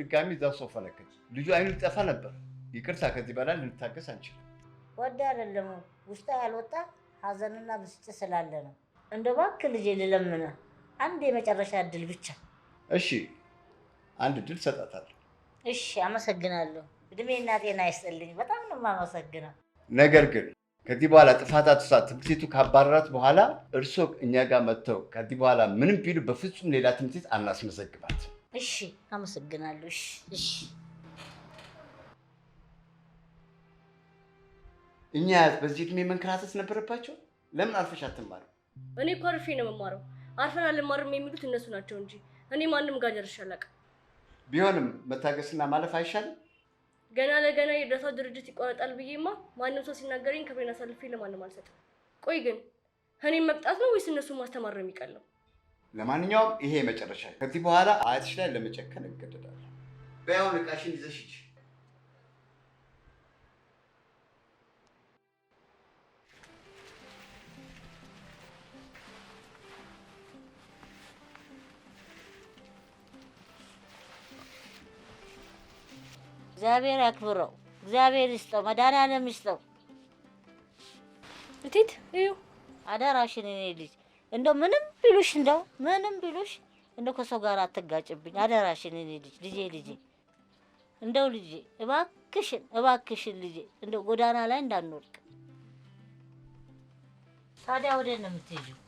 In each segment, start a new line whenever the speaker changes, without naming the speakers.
ድጋሚ እዛ ሰው ፈለከት ልጁ አይኑ ሊጠፋ ነበር። ይቅርታ፣ ከዚህ በላይ ልንታገስ አንችልም።
ወደ አይደለም ውስጣ ያልወጣ ሀዘንና ብስጭ ስላለ ነው። እንደ እባክህ ልጄ ልለምነ አንድ የመጨረሻ እድል ብቻ።
እሺ፣ አንድ እድል ሰጣታል።
እሺ፣ አመሰግናለሁ። እድሜና ጤና ይስጥልኝ። በጣም ነው የማመሰግነው።
ነገር ግን ከዚህ በኋላ ጥፋት አትሳት። ትምህርት ቤቱ ካባረራት በኋላ እርሶ እኛ ጋር መጥተው ከዚህ በኋላ ምንም ቢሉ በፍጹም ሌላ ትምህርት ቤት አናስመዘግባት።
እሺ፣ አመሰግናለሁ። እሺ፣ እሺ።
እኛ በዚህ እድሜ መንከራተት ነበረባቸው። ለምን አርፈሽ አትማርም?
እኔ እኮ አርፌ ነው የምማረው። አርፈን አልማርም የሚሉት እነሱ ናቸው እንጂ እኔ ማንም ጋር ደርሼ አላውቅም።
ቢሆንም መታገስና ማለፍ አይሻልም?
ገና ለገና የእርዳታ ድርጅት ይቋረጣል ብዬማ ማንም ሰው ሲናገረኝ ክብሬን አሳልፌ ለማንም አልሰጥም። ቆይ ግን እኔም መቅጣት ነው ወይስ እነሱ ማስተማር ነው የሚቀለው?
ለማንኛውም ይሄ የመጨረሻ ከዚህ በኋላ አያትሽ ላይ ለመጨከን እገደዳለሁ። በያሁን እቃሽን ይዘሽ ሂጂ።
እግዚአብሔር ያክብረው፣ እግዚአብሔር ይስጠው፣ መድኃኒዓለም ይስጠው። እቲት እዩ አዳራሽን እኔ ልጅ እንደው ምንም ቢሉሽ እንደው ምንም ቢሉሽ እንደው ከሰው ጋር አትጋጭብኝ አደራሽን። እኔ ልጅ ልጄ ልጄ እንደው ልጄ እባክሽን እባክሽን ልጄ እንደው ጎዳና ላይ እንዳንወድቅ። ታዲያ ወደ ነው የምትሄጂው?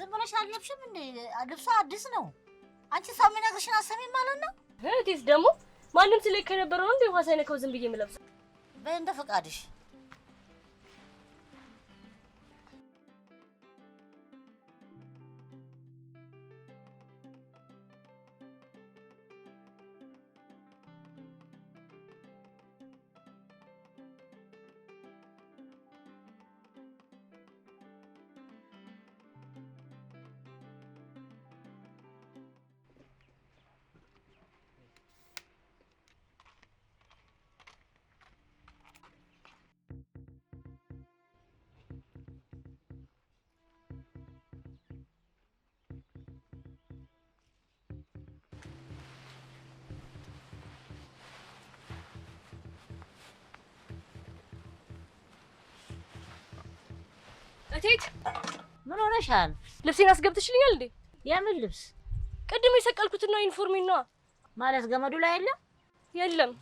ዝም ብለሽ አልለብሽም እንዴ? ልብሷ አዲስ ነው። አንቺ ሰው የሚነግርሽን አትሰሚም ማለት ነው።
እህቴስ ደግሞ ማንም ሲለኝ ከነበረው እንዴ ውሃ ሳይነካው ዝም ብዬ የምለብሰው?
በይ ፈቃድሽ። እቴት ምን ሆነሻል?
ልብሴን አስገብትሽልኛል እንዴ? የምን ልብስ? ቅድም ነው። ዩኒፎርሜ ነዋ።
ማለት ገመዱ ላይ የለም?
የለም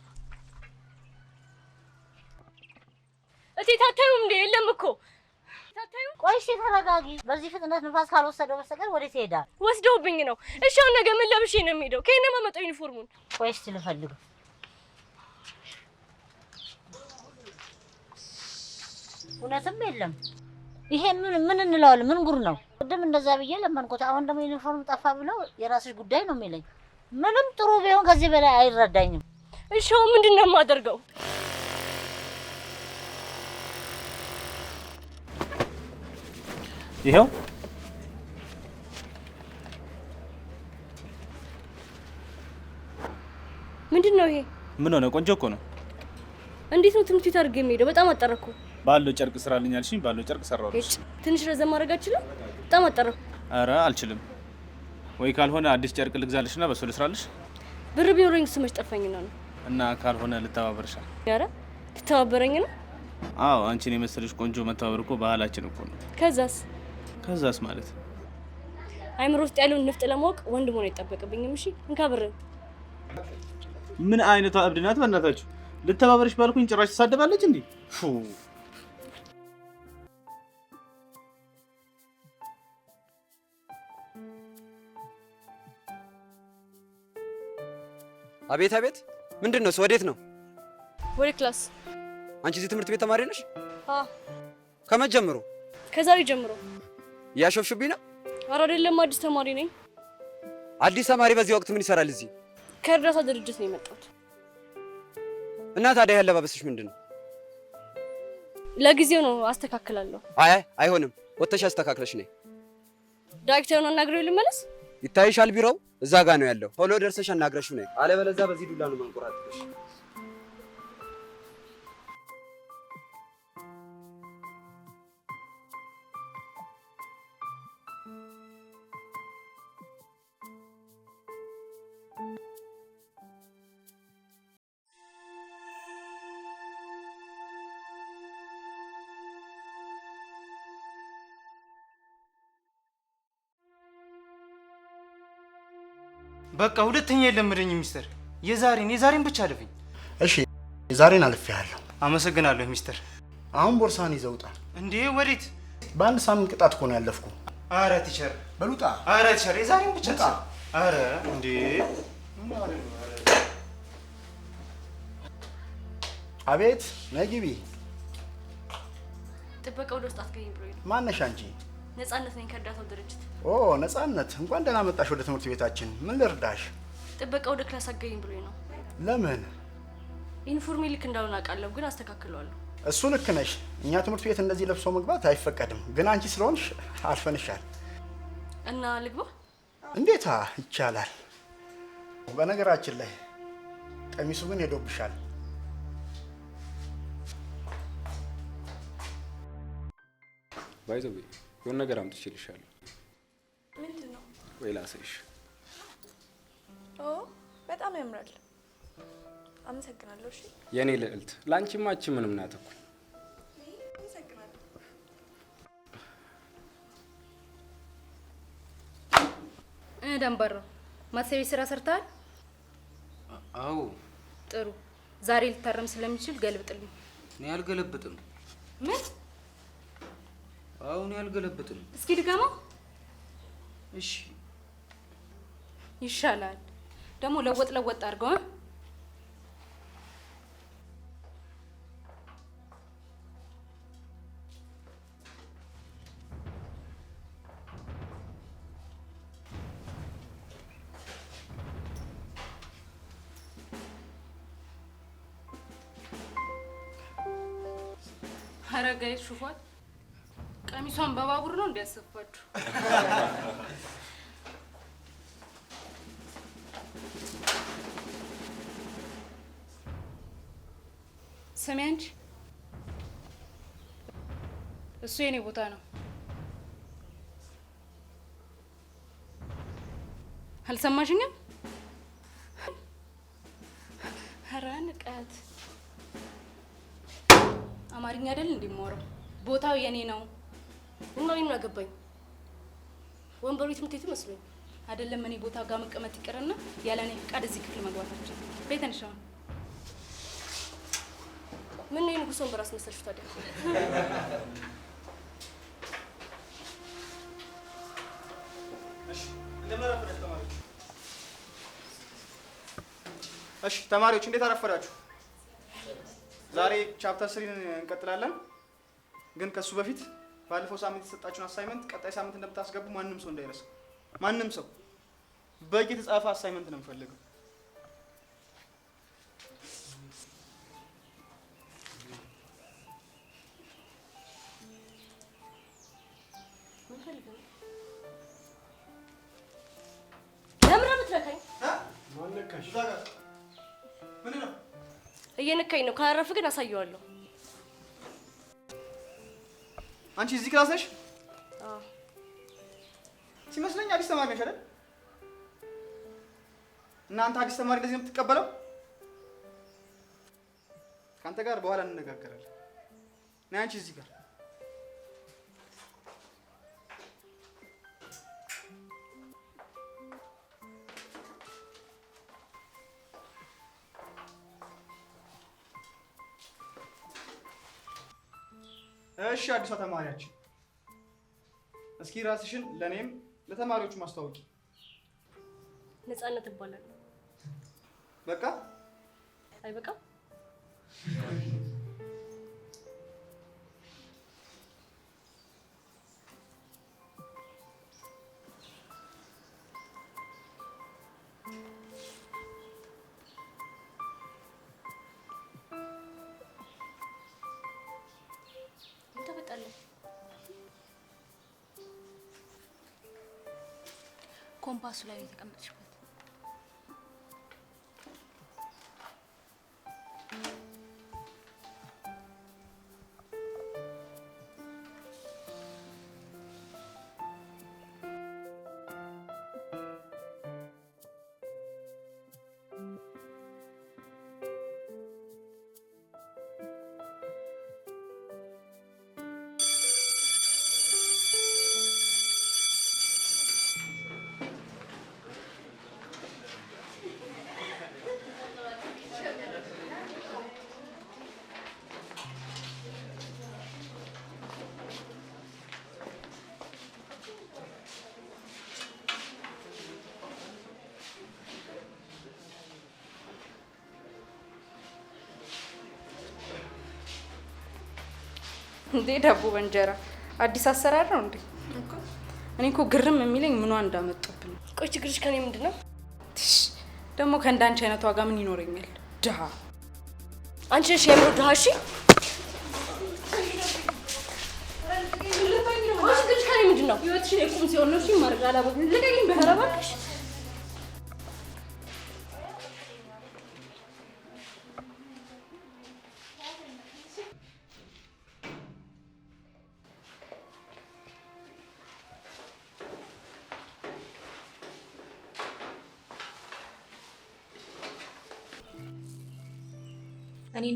እቴት አታዩም እንዴ? የለም እኮ ታታዩ።
ቆይ እስኪ ተረጋጊ። በዚህ ፍጥነት ንፋስ ካልወሰደው በስተቀር ወዴት ይሄዳል?
ወስደውብኝ ነው። እሺ አሁን ነገ ምን ለብሼ ነው የሚሄደው? ከእኔ ማመጣው ዩኒፎርሙን።
ቆይ እስኪ ልፈልገው። እውነትም የለም። ይሄ ምን ምን እንለዋለን? ምን ጉር ነው? ቅድም እንደዛ ብዬ ለመንኩት። አሁን ደግሞ ዩኒፎርም ጠፋ ብለው የራስሽ ጉዳይ ነው የሚለኝ። ምንም ጥሩ ቢሆን ከዚህ በላይ አይረዳኝም።
እሺ ምንድን ነው የማደርገው? ይኸው ምንድን ነው ይሄ?
ምን ሆነ? ቆንጆ እኮ ነው።
እንዴት ነው ትምህርት ቤት አድርጌ የሚሄደው? በጣም አጠረኩ።
ባለው ጨርቅ ስራልኝ አልሽኝ፣ ባለው ጨርቅ ሰራሁልሽ።
ትንሽ ረዘም ማድረግ አልችልም? በጣም አጠረ።
ኧረ አልችልም። ወይ ካልሆነ አዲስ ጨርቅ ልግዛልሽና በሱ ልስራልሽ።
ብር ቢኖረኝ እሱ መች ነው።
እና ካልሆነ ልተባበርሻል።
አረ ልተባበረኝ ነው?
አዎ አንቺን የመሰለሽ ቆንጆ መተባበር እኮ ባህላችን እኮ ነው። ከዛስ? ከዛስ ማለት
አይምሮ ውስጥ ያለውን ንፍጥ ለማወቅ ወንድ መሆን አይጠበቅብኝም። እሺ እንካ ብርን።
ምን አይነቷ እብድ ናት! በእናታችሁ ልተባበርሽ ባልኩኝ ጭራሽ ትሳደባለች እንዴ! ፉ አቤት አቤት፣ ምንድን ነው? ወዴት ነው? ወደ ክላስ። አንቺ እዚህ ትምህርት ቤት ተማሪ ነሽ? አዎ። ከመቼ ጀምሮ? ከዛሬ ጀምሮ። እያሾፍሽብኝ ነው?
ኧረ አይደለም፣ አዲስ ተማሪ ነኝ።
አዲስ ተማሪ በዚህ ወቅት ምን ይሰራል እዚህ?
ከእርዳታ ድርጅት ነው የመጣሁት።
እና ታዲያ ያለባበስሽ ምንድን ነው?
ለጊዜው ነው፣ አስተካክላለሁ።
አይ አይሆንም፣ ወጥተሽ አስተካክለሽ ነይ።
ዳይሬክተሩን አናግሬው ልመለስ።
ይታይሻል ቢሮው እዛ ጋ ነው ያለው። ቶሎ ደርሰሽ አናግረሽ ነው፣ አለበለዚያ በዚህ ዱላ ነው መንቆራጥሽ። በቃ ሁለተኛ የለመደኝ ሚስተር። የዛሬን የዛሬን ብቻ አለፈኝ።
እሺ የዛሬን አልፌያለሁ።
አመሰግናለሁ ሚስተር።
አሁን ቦርሳን ይዘውጣ።
እንዴ ወዴት?
በአንድ ሳምንት ቅጣት እኮ ነው ያለፍኩ። አረ ቲቸር በሉጣ።
አረ ቲቸር የዛሬን ብቻ ጣ።
አረ እንዴ አቤት ነግቢ።
ጥበቃ ወደ ውስጥ አትገኝ ብሎ ማነሻ እንጂ ነጻነት ነኝ ከእርዳታው ድርጅት።
ኦ ነጻነት፣ እንኳን ደህና መጣሽ ወደ ትምህርት ቤታችን። ምን ልርዳሽ?
ጥበቃ ወደ ክላስ አገኝ ብሎኝ ነው። ለምን? ኢንፎርሚ ልክ እንዳልሆነ አውቃለሁ፣ ግን አስተካክለዋለሁ።
እሱ ልክ ነሽ። እኛ ትምህርት ቤት እንደዚህ ለብሶ መግባት አይፈቀድም፣ ግን አንቺ ስለሆንሽ አልፈንሻል። እና ልግባ? እንዴታ ይቻላል። በነገራችን ላይ ቀሚሱ ግን ሄዶብሻል።
ባይዘዌ የሆነ ነገር አምጥቼልሻለሁ። ምንድን ነው? ወይ ላሳይሽ።
በጣም ያምራል። አመሰግናለሁ። እሺ
የእኔ ልዕልት፣ ለአንቺማ እቺ ምንም ናት እኮ። አመሰግናለሁ።
ደንበሮ ስራ ሰርታል አዎ። ጥሩ። ዛሬ ልታረም ስለሚችል ገልብጥልኝ።
እኔ አልገለብጥም። ምን አሁን ያልገለበትም እስኪ ድገመው። እሺ
ይሻላል። ደግሞ ለወጥ ለወጥ አድርገው ያሰብኳችሁ። ስሚ አንቺ፣ እሱ የኔ ቦታ ነው። አልሰማሽኝም? ኧረ ንቀት! አማርኛ አይደል እንዲማረው። ቦታው የኔ ነው። እና እኔ ምን አገባኝ? ወንበሩ የትምህርት ቤት መስሎኝ አይደለም። እኔ ቦታ ጋር መቀመጥ ይቅርና ያለ እኔ ፍቃድ እዚህ ክፍል መግባታችን ቤተንሻ ምን ነው የንጉሥ ወንበር አስመሰልሽ ታዲያ?
እሺ ተማሪዎች እንዴት አረፈዳችሁ? ዛሬ ቻፕተር ስሪን እንቀጥላለን፣ ግን ከሱ በፊት ባለፈው ሳምንት የተሰጣችሁን አሳይመንት ቀጣይ ሳምንት እንደምታስገቡ ማንም ሰው እንዳይረሳ። ማንም ሰው በእጅ የተጻፈ አሳይመንት ነው የምፈልገው።
እየነካኝ ነው። ካላረፍ ግን አሳየዋለሁ።
አንቺ እዚህ ክላስ ነሽ? ሲመስለኝ አዲስ ተማሪ ነሽ አይደል? እናንተ አዲስ ተማሪ እንደዚህ ነው የምትቀበለው? ከአንተ ጋር በኋላ እንነጋገራለን። ነይ አንቺ እዚህ ጋር እሺ አዲሷ ተማሪያችን እስኪ ራስሽን ለእኔም ለተማሪዎቹ ማስታወቂ።
ነፃነት እባላለሁ። በቃ አይበቃም? ወጣለን። ኮምፓሱ ላይ የተቀመጥሽበት እንዴ ዳቦ በእንጀራ አዲስ አሰራር ነው እንዴ? እኔ እኮ ግርም የሚለኝ ምኗ እንዳመጡብን። ቆይ ችግርሽ ከኔ ምንድን ነው ደግሞ? ከእንዳንቺ አይነት ዋጋ ምን ይኖረኛል? ድሃ አንቺ ነሽ የምሮ ድሃ። እሺ ምንድን ነው ህይወትሽን የቁም ሲሆን ነው ማርጋላ ልቀኝ በረባሽ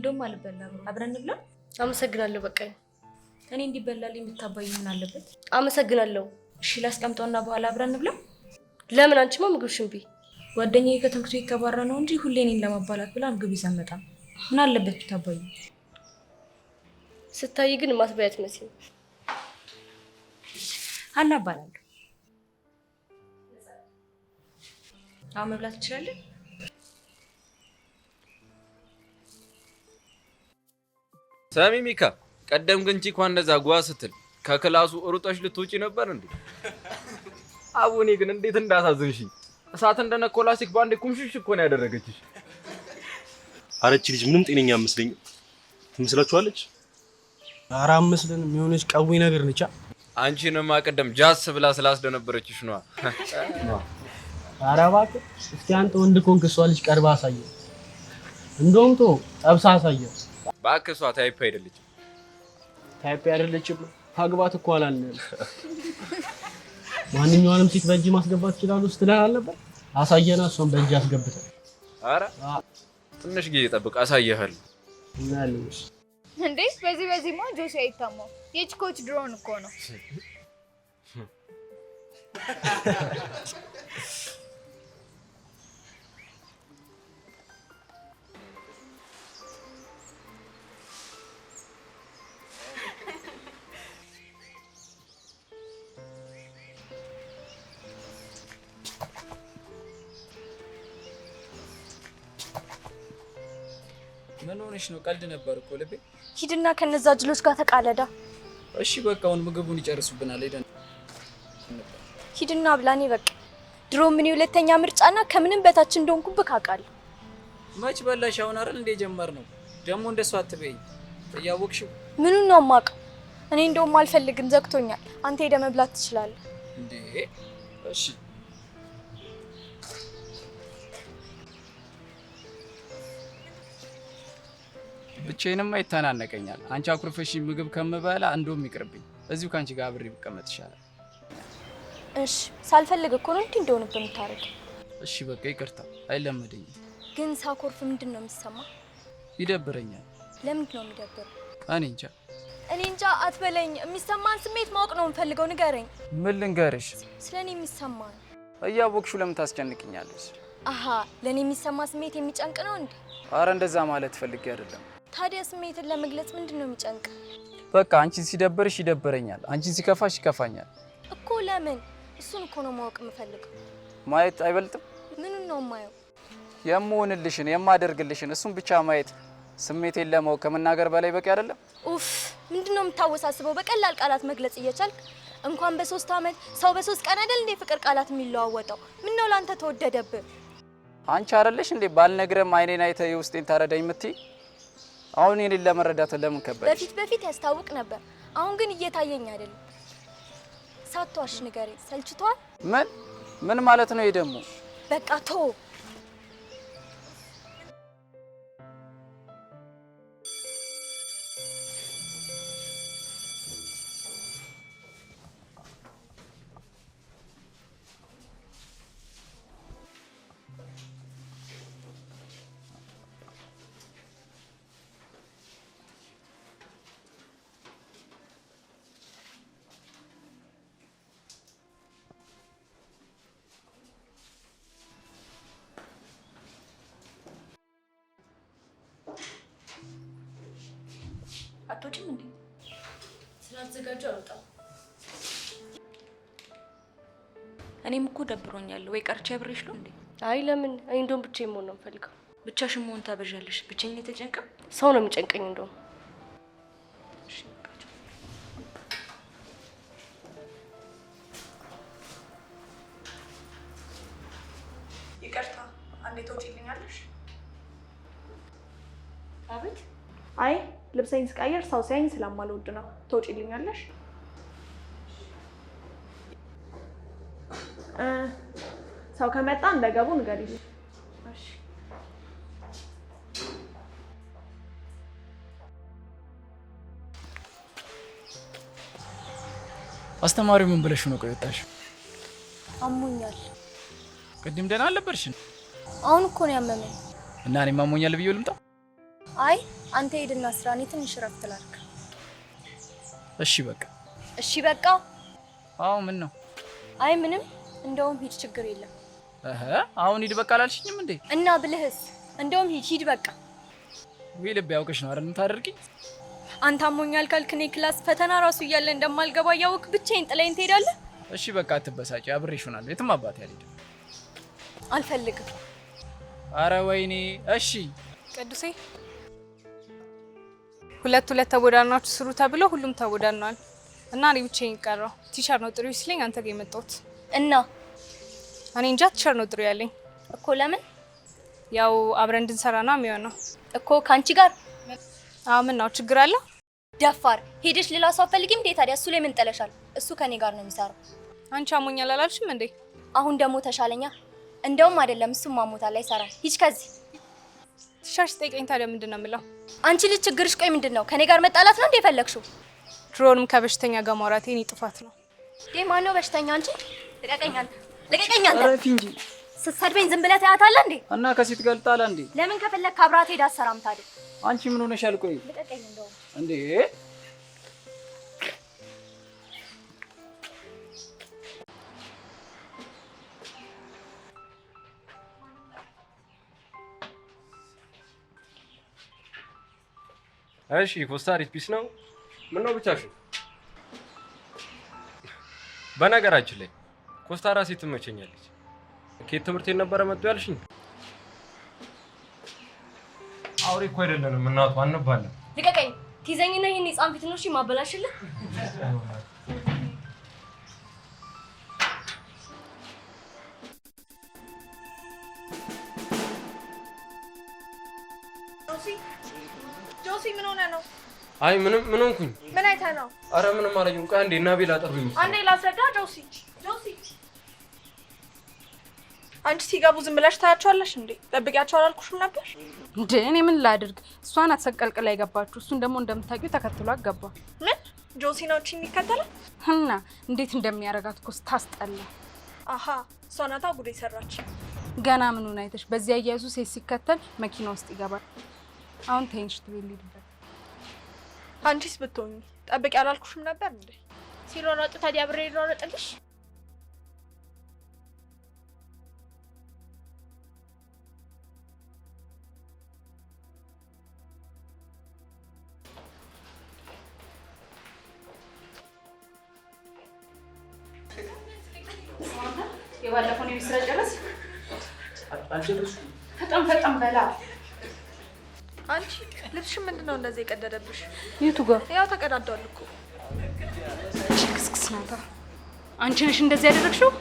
እንደውም አልበላም። አብረን ብላ። አመሰግናለሁ። በቃ እኔ እንዲበላል የምታባይ ምን አለበት? አመሰግናለሁ። እሺ ላስቀምጠውና በኋላ አብረን ብላ። ለምን? አንቺማ ምግብ ሽንቢ። ጓደኛዬ ከትምህርቱ ይከባራ ነው እንጂ ሁሌ እኔን ለማባላት ብላ ምግብ ይዘመጣ ምን አለበት ብታባይ? ስታይ ግን ማትበያት መስል አና አሁን መብላት ትችላለህ።
ሰሚ ሚካ፣ ቀደም ግን ቺኳ እንደዛ ጓ ስትል ከክላሱ ሩጠሽ ልትውጪ ነበር እንዴ? አቡኔ ግን እንዴት እንዳሳዝንሽኝ! እሳት እንደነ ኮላሲክ ባንዴ ኩምሽሽ እኮ ነው ያደረገችሽ።
አረች ልጅ ምንም ጤነኛ አትመስለኝ። ትመስላችኋለች?
አራ አትመስለንም። የሆነች ቀዊ ነገር ነቻ።
አንቺንማ ቀደም ጃስ ብላ ስላስደነበረችሽ ነዋ።
ኧረ እባክህ እስኪ አንተ ወንድ ኮንክ እሷ ልጅ ቀርባ አሳየው። እንደውም ቶ ጠብሳ አሳየው።
እባክህ እሷ ታይፕ አይደለችም።
ታይፕ አይደለችም። ታግባት እኮ አላልንም። ማንኛውንም ሴት በእጅ ማስገባት ይችላሉ ስትለን አልነበር? አሳየና እሷን በእጅ አስገብተን።
አረ ትንሽ ጊዜ ጠብቅ፣ አሳየሃል።
እንዴ በዚህ በዚህ ማ አይታማ የች ኮች ድሮን እኮ ነው።
እውነትሽ ነው። ቀልድ ነበር እኮ ልቤ።
ሂድና ከነዛ ጅሎች ጋር ተቃለዳ።
እሺ በቃ አሁን ምግቡን ይጨርሱብናል። ሄደን
ሂድና ብላኔ። በቃ ድሮ ምን የሁለተኛ ምርጫና ከምንም በታች እንደሆንኩብህ አውቃለሁ።
መች በላሽ አሁን አይደል እንደ ጀመር ነው። ደግሞ እንደሱ አትበይኝ እያወቅሽው።
ምኑን ነው የማውቀው እኔ እንደውም አልፈልግም፣ ዘግቶኛል። አንተ ሄደህ መብላት ትችላለህ።
እንዴ እሺ ብቻዬንማ ይተናነቀኛል። አንቺ አኩርፈሽ ምግብ ከምበላ እንደውም ይቅርብኝ፣ እዚሁ ከአንቺ ጋር አብሬ ብቀመጥ ይሻላል።
እሺ፣ ሳልፈልግ እኮ ነው እንዲህ እንደሆነ በምታረግ።
እሺ፣ በቃ ይቅርታ፣ አይለመደኝም።
ግን ሳኮርፍ ምንድን ነው የሚሰማ?
ይደብረኛል።
ለምንድን ነው የሚደብር? እኔ እንጃ እኔ እንጃ አትበለኝ። የሚሰማን ስሜት ማወቅ ነው የምፈልገው። ንገረኝ።
ምን ልንገርሽ?
ስለ እኔ የሚሰማን
እያወቅሽው ለምን ታስጨንቅኛለሽ?
አሀ ለእኔ የሚሰማ ስሜት የሚጨንቅ ነው እንዴ?
አረ እንደዛ ማለት ፈልጌ አይደለም
ታዲያ ስሜትን ለመግለጽ ምንድን ነው የሚጨንቅ?
በቃ አንቺን ሲደብርሽ ይደብረኛል፣ አንቺን ሲከፋሽ ይከፋኛል
እኮ። ለምን? እሱን እኮ ነው ማወቅ የምፈልገው።
ማየት አይበልጥም?
ምኑን ነው የማየው?
የምሆንልሽን የማደርግልሽን፣ እሱን ብቻ ማየት ስሜቴን ለማወቅ ከመናገር በላይ በቂ አይደለም።
ኡፍ! ምንድን ነው የምታወሳስበው? በቀላል ቃላት መግለጽ እየቻልክ እንኳን በሶስት አመት ሰው በሶስት ቀን አይደል እንዴ ፍቅር ቃላት የሚለዋወጠው? ምን ነው ላንተ ተወደደብህ?
አንቺ አይደለሽ እንዴ ባልነግረም አይኔን አይተ የውስጤን ታረዳኝ ምትይ አሁን የሌላ ለመረዳት ለምን ከበደ?
በፊት በፊት ያስታውቅ ነበር፣ አሁን ግን እየታየኝ አይደለም። ሳቷሽ ንገሬ ሰልችቷል።
ምን ምን ማለት ነው ይሄ ደግሞ?
በቃ ቶ ሮጬ ወጣሁ። እኔም እኮ ደብሮኛል። ወይ ቀርቼ አብሬሽ ነው እንዴ? አይ ለምን? እኔ እንደውም ብቻዬን መሆን ነው የምፈልገው። ብቻሽን መሆን ታበዣለሽ። ብቸኝ የተጨንቀም ሰው ነው የሚጨንቀኝ እንደውም ይቅርታ አንዴ ተውጪልኛለሽ። አቤት። አይ ልብሰኝ ስቀየር ሰው ሲያኝ ስለማልወድ ነው። ተውጪልኛለሽ? ሰው ከመጣ እንደገቡ ንገሪ።
አስተማሪው ምን ብለሽ ነው ቆይታሽ? አሞኛል። ቅድም ደህና አልነበርሽን?
አሁን እኮ ነው ያመመኝ።
እና እኔም አሞኛል ብዬ ልምጣ
አይ አንተ ሄድና ስራ፣ እኔ ትንሽ እረፍት ላድርግ። እሺ በቃ እሺ በቃ። አዎ ምን ነው? አይ ምንም፣ እንደውም ሂድ፣ ችግር የለም።
እህ አሁን ሂድ በቃ አላልሽኝም እንዴ?
እና ብልህስ? እንደውም ሂድ ሂድ በቃ።
ወይ ልብ ያውቅሽ ነው አይደል የምታደርጊኝ?
አንተ አሞኛል ካልክ እኔ ክላስ ፈተና ራሱ እያለ እንደማልገባ እያወቅ ብቻዬን ጥለኸኝ ትሄዳለህ?
እሺ በቃ አትበሳጭ፣ አብሬሽ ሆናለሁ። የትም አባት አልሄድም። አልፈልግም። አረ ወይኔ። እሺ
ቅዱሴ ሁለት ሁለት ተወዳድናችሁ ስሩ ተብሎ ሁሉም ተወዳድኗል እና እኔ ብቻዬን ቀረሁ። ቲሸርት ነው ጥሪ ሲለኝ አንተ ጋር የመጣሁት እና እኔ እንጃ ቲሸርት ነው ጥሪ ያለኝ እኮ። ለምን ያው አብረን እንድንሰራ ነው የሚሆነው እኮ ከአንቺ ጋር። አዎ ምን ነው ችግር አለ? ደፋር ሄደሽ ሌላ ሰው አፈልጊም እንዴ ታዲያ። እሱ ላይ ምን ጥለሻል? እሱ ከኔ ጋር ነው የሚሰራው። አንቺ አሞኛል አላልሽም እንዴ? አሁን ደግሞ ተሻለኛ። እንደውም አይደለም እሱም ማሞታል፣ አይሰራም። ሂጅ ከዚህ ትሻሽ ጠይቀኝ። ታዲያ ምንድን ነው የምለው? አንቺ ልጅ ችግርሽ ቆይ ምንድን ነው? ከኔ ጋር መጣላት ነው እንደ የፈለግሽው? ድሮንም ከበሽተኛ ጋር ማውራት የኔ ጥፋት ነው። ዴ ማን ነው በሽተኛ? አንቺ ልቀቀኝ! አንተ ረፊ እንጂ ስትሰድበኝ ዝም ብለህ ታያታለህ እንዴ? እና ከሴት ጋር ልጣላ እንዴ? ለምን ከፈለግ ከአብራት ሄዳ አሰራምታለህ። አንቺ ምን ሆነሻል? ቆይ ልቀቀኝ! እንደው እንዴ
እሺ ኮስታ አሪፍ ፒስ ነው። ምን ነው ብቻሽ? በነገራችን ላይ ኮስታ ራሴ ትመቸኛለች። ከየት ትምህርት የነበረ መጥቶ ያልሽኝ? አውሬ እኮ አይደለንም እናቱ አንባለን።
ልቀቀኝ፣ ትይዘኝና ይህን የጻን ፊት ነው ማበላሽልህ ጆሲ ምን ሆነ ነው?
አይ ምንም ምን ሆንኩኝ? ምን አይተህ ነው? አረ ምንም አላየሁም። ቆይ አንዴ እና ቤላ ጠሩኝ።
አንዴ ላስረዳ። ጆሲ ጆሲ፣ አንቺ ሲገቡ ዝም ብለሽ ታያቸዋለሽ እንዴ? ጠብቂያቸው አላልኩሽም ነበር እንዴ? እኔ ምን ላድርግ? እሷን አትሰቀልቅላ የገባችሁ፣ እሱን ደግሞ እንደምታውቂው ተከትሎ አገባ። ምን ጆሲ ነው እቺ የሚከተለው? እና እንዴት እንደሚያረጋት እኮ ስታስጠላ። አሀ እሷ ናታ ጉድ የሰራች። ገና ምኑን አይተሽ? በዚያ እያያዙ ሴት ሲከተል መኪና ውስጥ ይገባል። አሁን ተንሽ ትቤል ልሄድበት። አንቺስ ብትሆኚ ጠብቂ ያላልኩሽም ነበር እንዴ? ሲሮረጡ ታዲያ ብሬ ይሮረጥልሽ።
የባለፈውን የቤት ጨረስ ጨረስሽ? በጣም በጣም በላ
ጥርስሽ ምንድን ነው እንደዚህ የቀደደብሽ? የቱ ጋር? ያው ተቀዳዷል እኮ። ክስክስ ናታ። አንቺ ነሽ እንደዚህ ያደረግሽው?